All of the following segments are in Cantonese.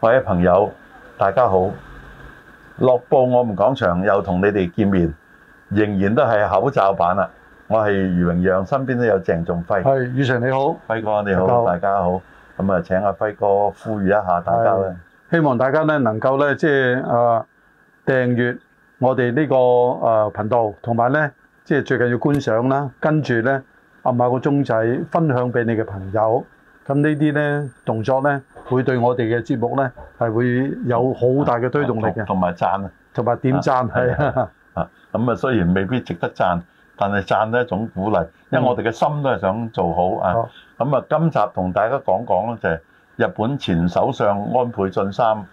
各位朋友，大家好！樂報我們講場，又同你哋見面，仍然都係口罩版啦。我係余榮讓，身邊都有鄭仲輝。係，宇成你好，輝哥你好哥，大家好。咁啊，請阿輝哥呼籲一下大家啦。希望大家呢能夠呢，即係啊訂閱我哋呢個啊頻道，同埋呢即係最近要觀賞啦。跟住呢，按埋個鐘仔，分享畀你嘅朋友。咁呢啲呢動作呢，會對我哋嘅節目呢係會有好大嘅推動力嘅，同埋讚，還有讚啊，同埋點讚係啊！咁啊，啊，雖然未必值得讚，但係讚係一種鼓勵，因為我哋嘅心都係想做好、嗯、啊。咁啊、嗯，今集同大家講講咯，就係日本前首相安倍晉三。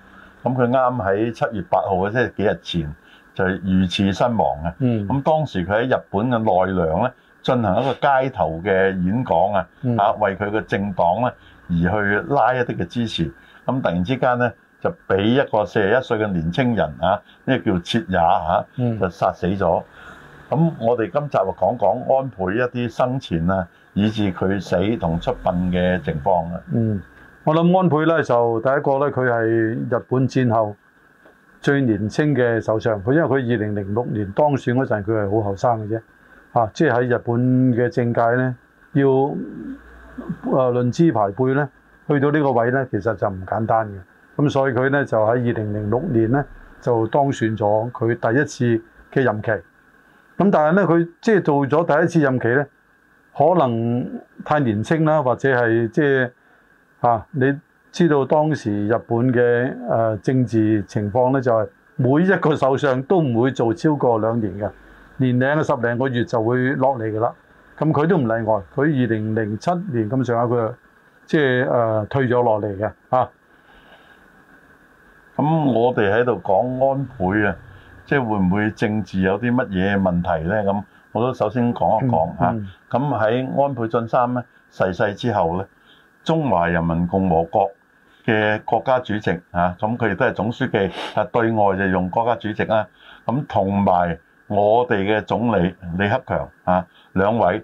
咁佢啱喺七月八號啊，即、就、係、係、幾日前就遇刺身亡、嗯、啊。咁當時佢喺日本嘅奈良呢，進行一個街頭嘅演講啊，啊為佢嘅政黨呢。而去拉一啲嘅支持，咁突然之間呢，就俾一個四十一歲嘅年青人啊，呢個叫徹也嚇、啊，就殺死咗。咁我哋今集就講講安倍一啲生前啊，以致佢死同出殯嘅情況啊。嗯，我諗安倍呢，就第一個呢，佢係日本戰後最年輕嘅首相。佢因為佢二零零六年當選嗰陣，佢係好後生嘅啫。啊，即係喺日本嘅政界呢，要，誒論資排輩咧，去到呢個位咧，其實就唔簡單嘅。咁所以佢咧就喺2006年咧就當選咗佢第一次嘅任期。咁但係咧佢即係做咗第一次任期咧，可能太年輕啦，或者係即係啊。你知道當時日本嘅、呃、政治情況咧，就係、是、每一個首相都唔會做超過兩年嘅，年領十零個月就會落嚟㗎啦。咁佢都唔例外，佢二零零七年咁上下佢即係誒退咗落嚟嘅嚇。咁我哋喺度講安倍啊，即係會唔會政治有啲乜嘢問題咧？咁我都首先講一講嚇。咁喺安倍晉三咧逝世之後咧，中華人民共和國嘅國家主席嚇，咁佢亦都係總書記，係對外就用國家主席啊。咁同埋我哋嘅總理李克強啊兩位。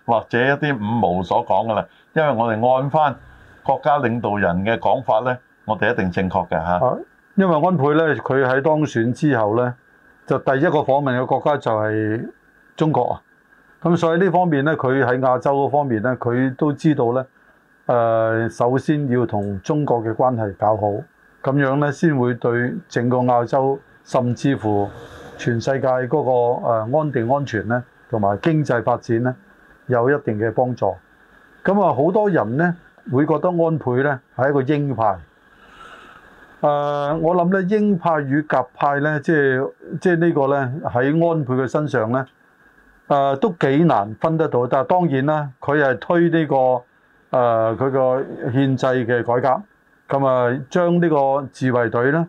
或者一啲五毛所講嘅啦，因為我哋按翻國家領導人嘅講法咧，我哋一定正確嘅嚇、啊。因為安倍咧，佢喺當選之後咧，就第一個訪問嘅國家就係中國啊。咁所以呢方面咧，佢喺亞洲嗰方面咧，佢都知道咧，誒、呃，首先要同中國嘅關係搞好，咁樣咧先會對整個亞洲，甚至乎全世界嗰個安定安全咧，同埋經濟發展咧。有一定嘅幫助，咁啊，好多人咧會覺得安倍咧係一個鷹派，誒，我諗咧鷹派與鴿派咧，即係即係呢個咧喺安倍嘅身上咧，誒都幾難分得到，但係當然啦，佢係推呢個誒佢個憲制嘅改革，咁啊將呢個自衛隊咧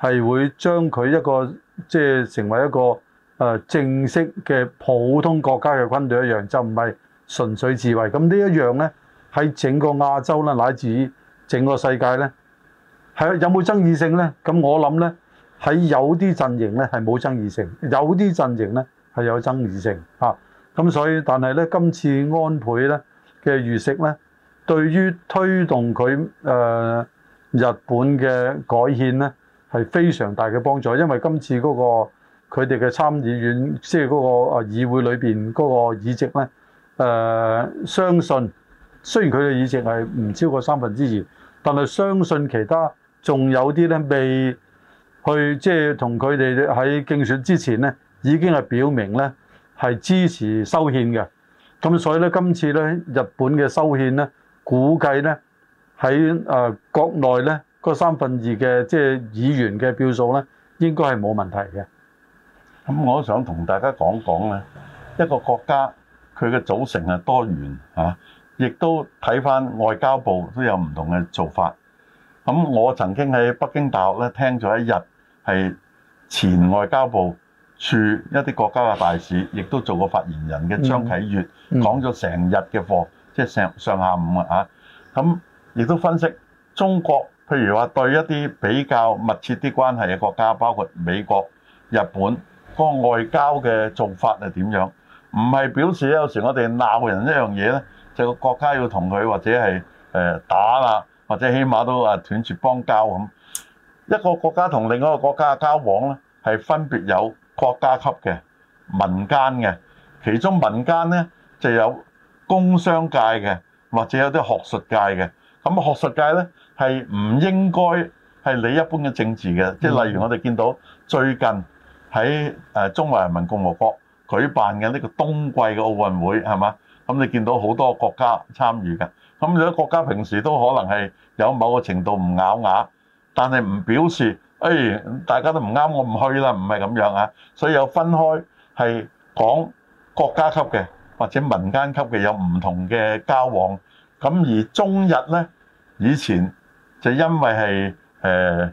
係會將佢一個即係成為一個。誒正式嘅普通國家嘅軍隊一樣，就唔係純粹自衞。咁呢一樣呢，喺整個亞洲咧，乃至整個世界呢，係有冇爭議性呢？咁我諗呢，喺有啲陣營呢，係冇爭議性，有啲陣營呢，係有爭議性。嚇！咁所以，但係呢，今次安倍呢嘅遇弒呢，對於推動佢誒、呃、日本嘅改憲呢，係非常大嘅幫助，因為今次嗰、那個。佢哋嘅參議院即係嗰個啊議會裏邊嗰個議席咧，誒、呃、相信雖然佢嘅議席係唔超過三分之二，但係相信其他仲有啲咧未去即係同佢哋喺競選之前咧已經係表明咧係支持修憲嘅。咁所以咧，今次咧日本嘅修憲咧，估計咧喺誒國內咧嗰三分二嘅即係議員嘅票數咧應該係冇問題嘅。咁我都想同大家講講咧，一個國家佢嘅組成係多元嚇，亦都睇翻外交部都有唔同嘅做法。咁我曾經喺北京大學咧聽咗一日，係前外交部處一啲國家嘅大使，亦都做過發言人嘅張啟月講咗成日嘅課，即係上上下午啊吓，咁亦都分析中國譬如話對一啲比較密切啲關係嘅國家，包括美國、日本。個外交嘅做法係點樣？唔係表示有時我哋鬧人一樣嘢咧，就個國家要同佢或者係誒打啊，或者起碼都啊斷絕邦交咁。一個國家同另一個國家嘅交往咧，係分別有國家級嘅、民間嘅，其中民間咧就有工商界嘅，或者有啲學術界嘅。咁學術界咧係唔應該係理一般嘅政治嘅，即係例如我哋見到最近。喺誒中華人民共和國舉辦嘅呢個冬季嘅奧運會係嘛？咁你見到好多國家參與嘅，咁有啲國家平時都可能係有某個程度唔咬牙，但係唔表示誒大家都唔啱我唔去啦，唔係咁樣啊。所以有分開係講國家級嘅或者民間級嘅有唔同嘅交往。咁而中日呢以前就因為係誒。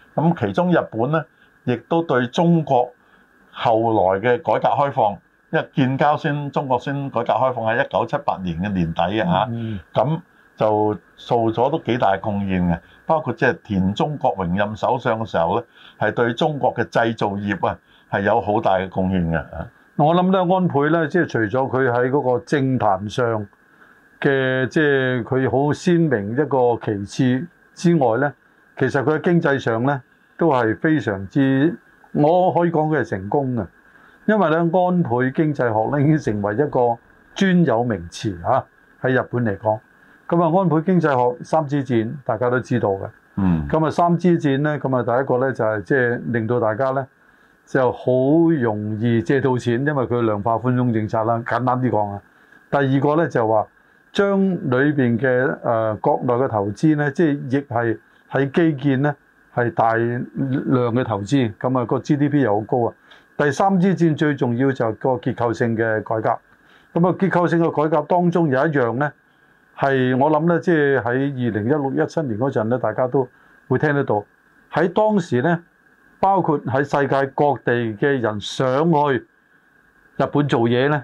咁其中日本咧，亦都對中國後來嘅改革開放，因為建交先，中國先改革開放喺一九七八年嘅年底、嗯、啊嚇。咁就做咗都幾大貢獻嘅，包括即係田中角榮任首相嘅時候咧，係對中國嘅製造業啊係有好大嘅貢獻嘅嚇。我諗咧，安倍咧，即係除咗佢喺嗰個政壇上嘅即係佢好鮮明一個旗幟之外咧。其實佢嘅經濟上咧都係非常之，我可以講佢係成功嘅，因為咧安倍經濟學咧已經成為一個專有名詞嚇喺日本嚟講。咁啊，安倍經濟學三支箭大家都知道嘅。嗯。咁啊，三支箭咧，咁啊，第一個咧就係即係令到大家咧就好容易借到錢，因為佢量化寬鬆政策啦，簡單啲講啊。第二個咧就話將裏邊嘅誒國內嘅投資咧，即係亦係。喺基建呢，係大量嘅投資，咁啊個 GDP 又好高啊。第三支箭最重要就係個結構性嘅改革。咁啊結構性嘅改革當中有一樣呢，係想呢係，係我諗呢，即係喺二零一六一七年嗰陣咧，大家都會聽得到。喺當時呢，包括喺世界各地嘅人上去日本做嘢呢，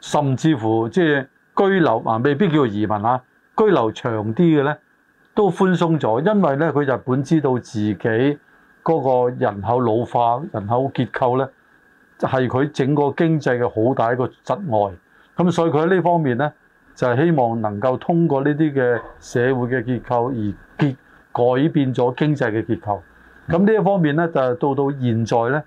甚至乎即係居留啊，未必叫移民啊，居留長啲嘅呢。都寬鬆咗，因為咧佢日本知道自己嗰個人口老化、人口結構咧係佢整個經濟嘅好大一個阻礙，咁所以佢喺呢方面咧就係希望能夠通過呢啲嘅社會嘅結構而改變咗經濟嘅結構。咁呢一方面咧就到到現在咧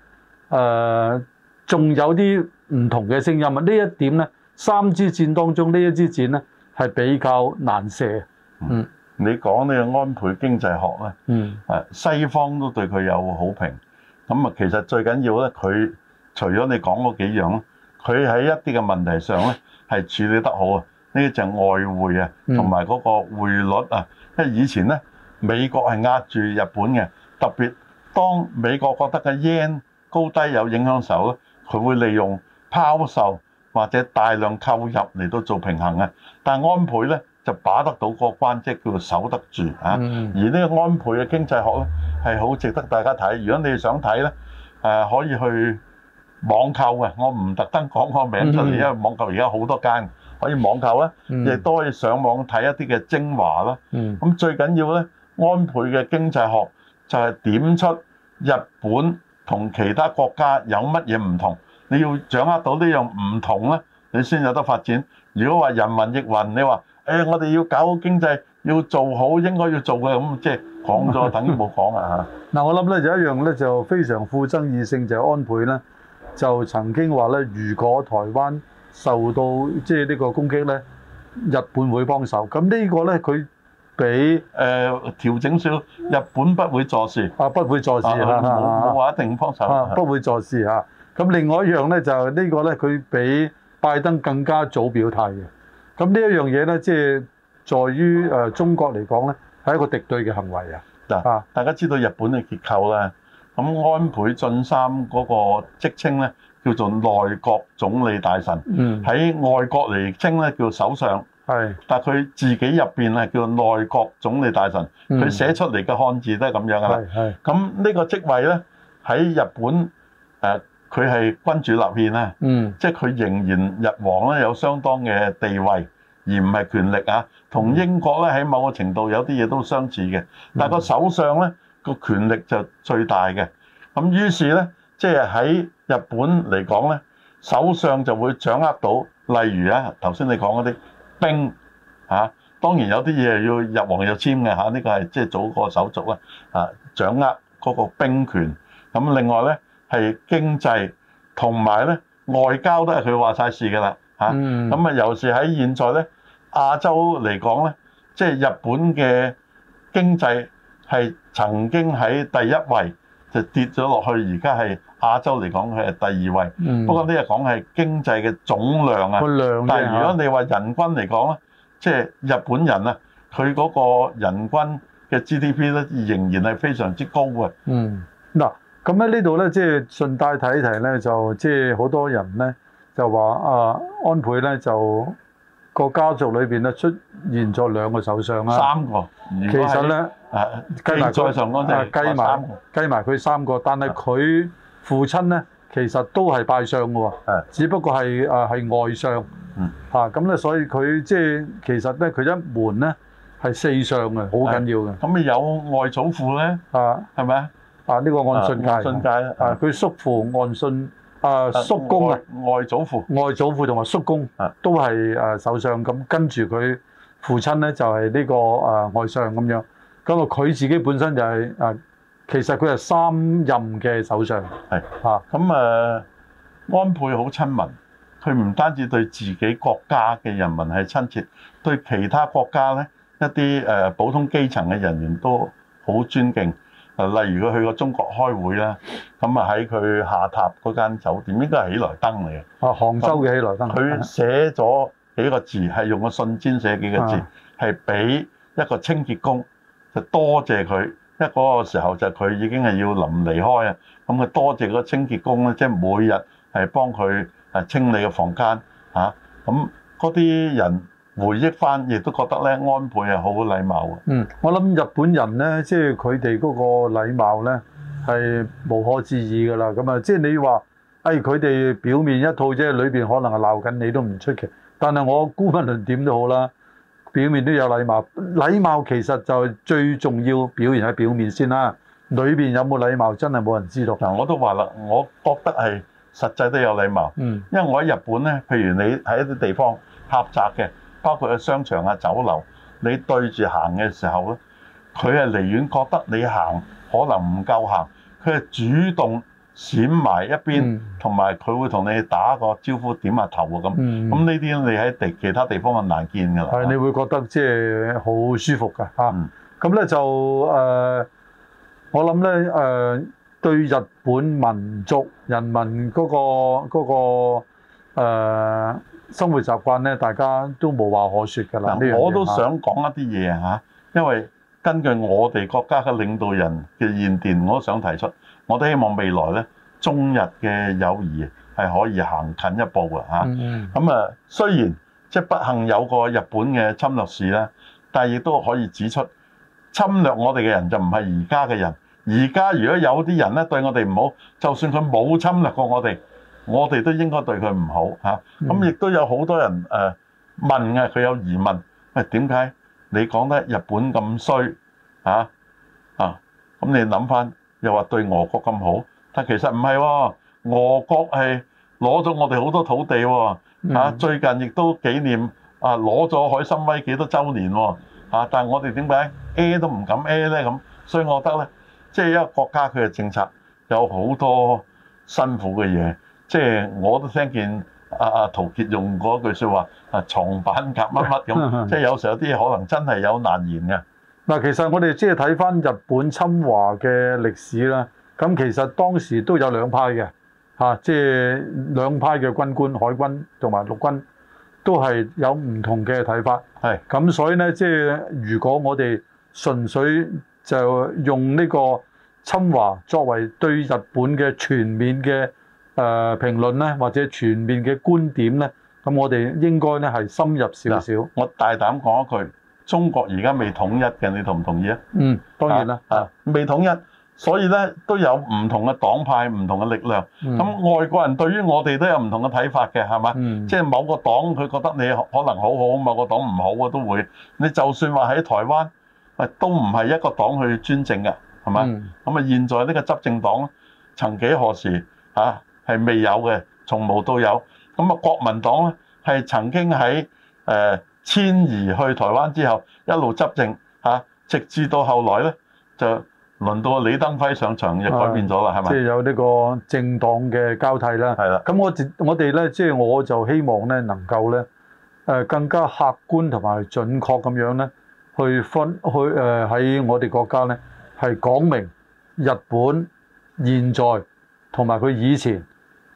誒，仲、呃、有啲唔同嘅聲音啊！呢一點咧，三支箭當中呢一支箭咧係比較難射，嗯。你講呢個安倍經濟學咧，啊西方都對佢有好評。咁、嗯、啊，其實最緊要咧，佢除咗你講嗰幾樣咧，佢喺一啲嘅問題上咧，係處理得好啊。呢啲就外匯啊，同埋嗰個匯率啊、嗯。因為以前咧，美國係壓住日本嘅，特別當美國覺得個 yen 高低有影響時候咧，佢會利用拋售或者大量購入嚟到做平衡嘅。但係安倍咧，就把得到嗰個關節叫做守得住、嗯、啊！而呢個安倍嘅經濟學咧係好值得大家睇。如果你想睇咧，誒、呃、可以去網購嘅。我唔特登講個名出嚟、嗯，因為網購而家好多間可以網購啦。亦、嗯、都可以上網睇一啲嘅精華啦。咁、嗯、最緊要咧，安倍嘅經濟學就係點出日本同其他國家有乜嘢唔同。你要掌握到這不呢樣唔同咧，你先有得發展。如果話人民亦云，你話。誒、哎，我哋要搞好經濟，要做好應該要做嘅。咁即係講咗，等於冇講啦嚇。嗱， 我諗咧就一樣咧，就非常富爭議性就係、是、安倍咧，就曾經話咧，如果台灣受到即係呢個攻擊咧，日本會幫手。咁呢個咧，佢俾誒調整少，日本不會坐視。啊，不會坐視，冇冇話一定不幫手、啊。不會坐視啊。咁、啊、另外一樣咧，就是、這個呢個咧，佢比拜登更加早表態嘅。咁呢一樣嘢咧，即係在於誒中國嚟講咧，係一個敵對嘅行為啊！嗱，大家知道日本嘅結構啦，咁安倍晉三嗰個職稱咧叫做內閣總理大臣，喺外國嚟稱咧叫首相，但佢自己入邊咧叫內閣總理大臣，佢寫出嚟嘅漢字都係咁樣嘅啦。咁呢個職位咧喺日本誒。佢係君主立憲啦，嗯，即係佢仍然日皇咧有相當嘅地位，而唔係權力啊。同英國咧喺某個程度有啲嘢都相似嘅，但係個首相咧個權力就最大嘅。咁於是咧，即係喺日本嚟講咧，首相就會掌握到，例如啊，頭先你講嗰啲兵啊，當然有啲嘢要日皇要簽嘅嚇，呢、啊呢個係即係做個手續啊，掌握嗰個兵權，咁、啊、另外咧。係經濟同埋咧外交都係佢話晒事㗎啦嚇，咁、嗯、啊尤其喺現在咧亞洲嚟講咧，即係日本嘅經濟係曾經喺第一位，就跌咗落去，而家係亞洲嚟講佢係第二位。嗯、不過呢個講係經濟嘅總量啊，個量，但係如果你話人均嚟講咧、啊，即係日本人啊，佢嗰個人均嘅 GDP 咧仍然係非常之高嘅。嗯，嗱。咁咧呢度咧，即係順帶睇一睇咧，就即係好多人咧就話啊，安倍咧就個家族裏邊咧出現咗兩個首相啦。三個，其實咧計埋在上安計埋計埋佢三個，但係佢父親咧其實都係拜相嘅喎，只不過係啊係外相嚇咁咧，所以佢即係其實咧佢一門咧係四相嘅，好緊要嘅。咁啊有外祖父咧，係咪啊？啊！呢個岸信介，信介啦。啊，佢叔父岸信，啊叔公啊，外祖父，外祖父同埋叔公都係啊首相，咁，跟住佢父親咧就係呢個啊外相咁樣。咁啊，佢自己本身就係啊，其實佢係三任嘅首相。係。嚇。咁啊，安倍好親民，佢唔單止對自己國家嘅人民係親切，對其他國家咧一啲誒普通基層嘅人員都好尊敬。例如佢去過中國開會啦，咁啊喺佢下榻嗰間酒店，應該係喜來登嚟嘅。啊，杭州嘅喜來登。佢寫咗幾個字，係用個信箋寫幾個字，係俾一個清潔工，就多謝佢。因為嗰個時候就佢已經係要臨離開啊，咁佢多謝個清潔工咧，即係每日係幫佢誒清理個房間嚇。咁嗰啲人。回憶翻，亦都覺得咧，安倍係好禮貌嘅。嗯，我諗日本人咧，即係佢哋嗰個禮貌咧，係無可置疑㗎啦。咁啊，即係你話，誒佢哋表面一套，即係裏面可能係鬧緊你都唔出奇。但係我估無論點都好啦，表面都有禮貌。禮貌其實就係最重要，表現喺表面先啦。裏面有冇禮貌，真係冇人知道。嗱，我都話啦，我覺得係實際都有禮貌。嗯，因為我喺日本咧，譬如你喺一啲地方狹窄嘅。包括喺商場啊、酒樓，你對住行嘅時候咧，佢係離遠覺得你行可能唔夠行，佢係主動閃埋一邊，同埋佢會同你打個招呼、點下頭啊咁，咁呢啲你喺地其他地方啊難見㗎啦，係，你會覺得即係好舒服㗎嚇。咁、嗯、咧就誒、呃，我諗咧誒，對日本民族人民嗰、嗰個嗰、嗰個呃生活習慣咧，大家都冇話可説㗎啦。嗱，我都想講一啲嘢嚇，因為根據我哋國家嘅領導人嘅現段，我都想提出，我都希望未來咧，中日嘅友誼係可以行近一步嘅嚇。咁啊，雖然即係不幸有個日本嘅侵略史啦，但係亦都可以指出，侵略我哋嘅人就唔係而家嘅人。而家如果有啲人咧對我哋唔好，就算佢冇侵略過我哋。我哋都應該對佢唔好嚇，咁、嗯、亦、啊、都有好多人誒、啊、問嘅，佢有疑問，喂點解你講得日本咁衰嚇啊？咁、啊啊、你諗翻又話對俄國咁好，但其實唔係喎，俄國係攞咗我哋好多土地喎、啊啊嗯、最近亦都紀念啊攞咗海參崴幾多周年喎、啊啊、但係我哋點解 A 都唔敢 A、啊、呢？咁，所以我覺得呢，即、就、係、是、一個國家佢嘅政策有好多辛苦嘅嘢。即、我都聽見阿阿陶傑用嗰句說話，啊床板甲乜乜咁，即 係有時候有啲可能真係有難言嘅。嗱，其實我哋即係睇翻日本侵華嘅歷史啦，咁其實當時都有兩派嘅，即、兩派嘅軍官、海軍同埋陸軍都係有唔同嘅睇法。咁，所以呢，即、如果我哋純粹就用呢個侵華作為對日本嘅全面嘅。誒評論咧，或者全面嘅觀點咧，咁我哋應該咧係深入少少。我大膽講一句，中國而家未統一嘅，你同唔同意啊？嗯，當然啦、啊，未統一，所以咧都有唔同嘅黨派、唔同嘅力量。咁、嗯、外國人對於我哋都有唔同嘅睇法嘅，係嘛、嗯？即係某個黨佢覺得你可能好好，某個黨唔好嘅都會。你就算話喺台灣，都唔係一個黨去專政嘅，係嘛？咁、嗯、啊，現在呢個執政黨曾幾何時、啊係未有嘅，從無到有。咁啊，國民黨咧係曾經喺誒、呃、遷移去台灣之後一路執政嚇、啊，直至到後來咧就輪到李登輝上場，又改變咗啦，係咪？即係、就是、有呢個政黨嘅交替啦。係啦，咁我我哋咧，即、就、係、是、我就希望咧能夠咧誒更加客觀同埋準確咁樣咧去分去誒喺、呃、我哋國家咧係講明日本現在同埋佢以前。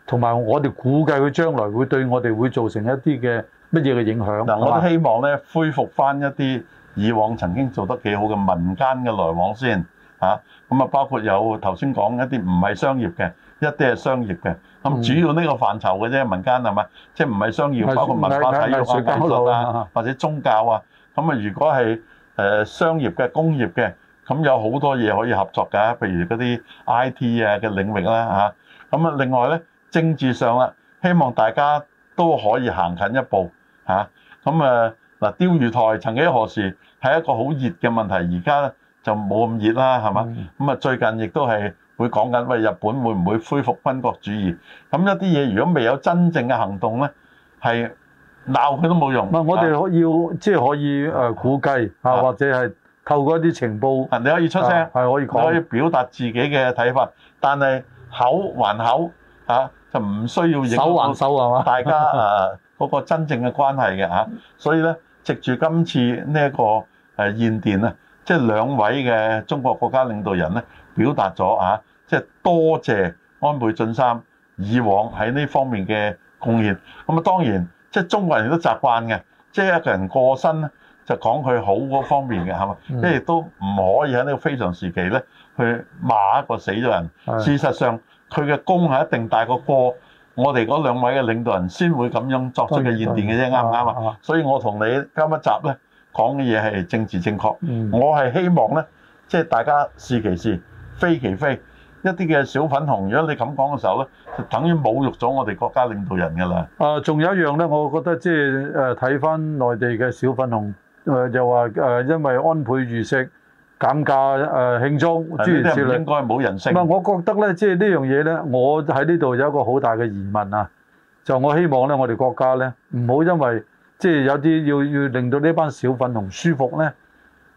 同埋我哋估計佢將來會對我哋會造成一啲嘅乜嘢嘅影響。嗱，我都希望咧恢復翻一啲以往曾經做得幾好嘅民間嘅來往先嚇。咁啊，包括有頭先講一啲唔係商業嘅，一啲係商業嘅。咁主要呢個範疇嘅啫，民間係咪？即係唔係商業，包括文化體育啊、藝術啊，或者宗教啊。咁啊，如果係誒商業嘅、工業嘅，咁有好多嘢可以合作㗎。譬如嗰啲 IT 啊嘅領域啦嚇。咁啊，另外咧。政治上啦，希望大家都可以行近一步吓。咁啊，嗱、啊，釣魚台曾幾何時係一個好熱嘅問題，而家咧就冇咁熱啦，係嘛？咁、嗯、啊，最近亦都係會講緊喂，日本會唔會恢復軍國主義，咁一啲嘢如果未有真正嘅行動咧，係鬧佢都冇用。唔係，我哋可以即係、啊就是、可以誒估計啊，啊，或者係透過一啲情報，人哋可以出聲，係、啊、可以可以表達自己嘅睇法，但係口還口吓。啊就唔需要影響到大家誒個真正嘅關係嘅，吓，所以咧藉住今次呢一個誒現電啊，即係兩位嘅中國國家領導人咧表達咗啊，即係多謝安倍晉三以往喺呢方面嘅貢獻，咁啊當然，即係中國人都習慣嘅，即係一個人過身咧就講佢好嗰方面嘅，係嘛，即係亦都唔可以喺呢個非常時期咧去罵一個死咗人。事實上。佢嘅功係一定大過過，我哋嗰兩位嘅領導人先會咁樣作出嘅言論嘅啫，啱唔啱啊？所以，我同你今一集咧講嘅嘢係政治正確。嗯，我係希望咧，即係大家是其是，非其非，一啲嘅小粉紅，如果你咁講嘅時候咧，就等於侮辱咗我哋國家領導人嘅啦。啊，仲有一樣咧，我覺得即係誒睇翻內地嘅小粉紅，誒又話誒因為安倍遇刺。減價誒慶祝諸如此類，是這些應該冇人性。唔係，我覺得咧，即、就、係、是、呢樣嘢咧，我喺呢度有一個好大嘅疑問啊！就我希望咧，我哋國家咧唔好因為即係、就是、有啲要要令到呢班小粉紅舒服咧，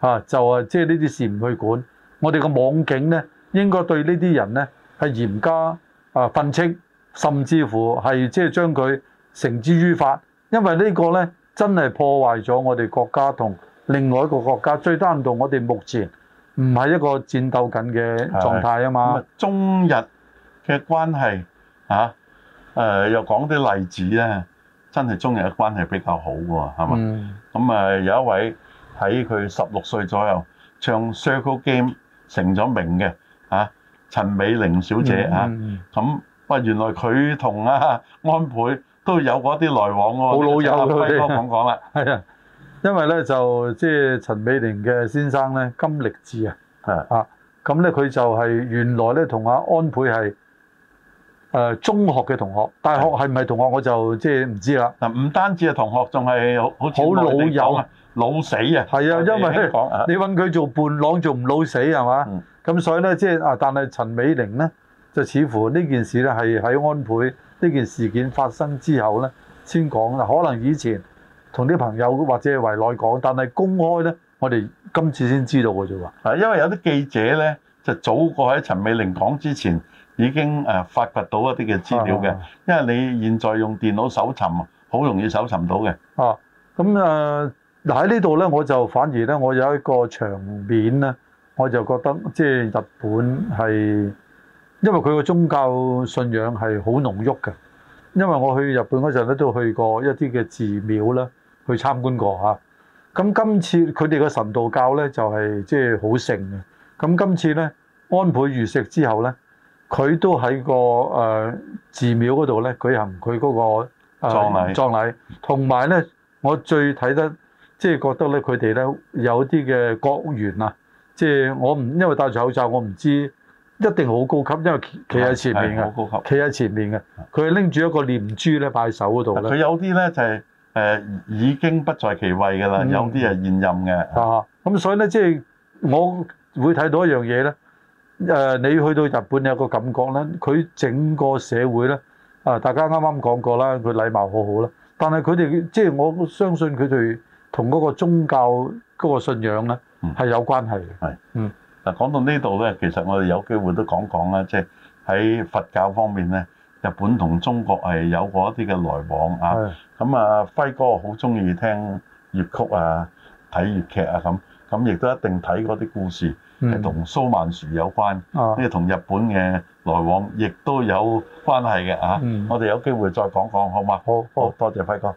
嚇就啊，即係呢啲事唔去管。我哋個網警咧應該對這些呢啲人咧係嚴加啊訓斥，甚至乎係即係將佢繩之於法，因為這個呢個咧真係破壞咗我哋國家同。另外一個國家最低限度，我哋目前唔係一個戰鬥緊嘅狀態啊嘛。中日嘅關係啊，誒、呃、又講啲例子咧，真係中日嘅關係比較好喎，係嘛？咁、嗯、啊、嗯，有一位喺佢十六歲左右唱 circle game 成咗名嘅啊，陳美玲小姐啊，咁、嗯嗯、啊，原來佢同啊安倍都有過一啲來往喎。好老友啦，啱啱講,講講啦，係 啊。因為咧就即係、就是、陳美玲嘅先生咧金力志啊，啊咁咧佢就係原來咧同阿安倍係誒、呃、中學嘅同學，是大學係唔係同學我就即係唔知啦。嗱，唔單止係同學，仲係好好老友啊，老死啊！係啊，因為你揾佢做伴郎做唔老死係嘛？咁、嗯、所以咧即係啊，但係陳美玲咧就似乎呢件事咧係喺安倍呢件事件發生之後咧先講啦。可能以前。同啲朋友或者係圍內講，但係公開咧，我哋今次先知道嘅啫喎。嗱，因為有啲記者咧，就早過喺陳美玲講之前，已經誒發掘到一啲嘅資料嘅。因為你現在用電腦搜尋，好容易搜尋到嘅。哦，咁誒，嗱喺呢度咧，我就反而咧，我有一個場面咧，我就覺得即係日本係，因為佢個宗教信仰係好濃郁嘅。因為我去日本嗰陣咧，都去過一啲嘅寺廟啦。去參觀過嚇，咁今次佢哋個神道教咧就係即係好盛嘅。咁今次咧，安倍遇刺之後咧，佢都喺個誒寺廟嗰度咧舉行佢嗰個葬禮。葬禮同埋咧，我最睇得即係、就是、覺得咧，佢哋咧有啲嘅國員啊，即、就、係、是、我唔因為戴住口罩我不知道，我唔知一定好高級，因為企喺前面嘅，好高級，企喺前面嘅，佢拎住一個念珠咧擺手嗰度，佢有啲咧就係、是。誒已經不在其位㗎喇，有啲係現任嘅。啊，咁所以咧，即係我會睇到一樣嘢咧。誒，你去到日本有個感覺咧，佢整個社會咧，啊，大家啱啱講過啦，佢禮貌好好啦。但係佢哋即係我相信佢哋同嗰個宗教嗰個信仰咧係有關係嘅。係，嗯。嗱，講到呢度咧，其實我哋有機會都講講啦，即係喺佛教方面咧。日本同中國有嗰一啲嘅來往啊，咁啊輝哥好中意聽粵曲啊，睇粵劇啊咁，咁亦都一定睇嗰啲故事係同、嗯、蘇曼殊有關，呢個同日本嘅來往亦都有關係嘅、嗯、啊，我哋有機會再講講好嗎？嗯、好，好，好，多謝輝哥。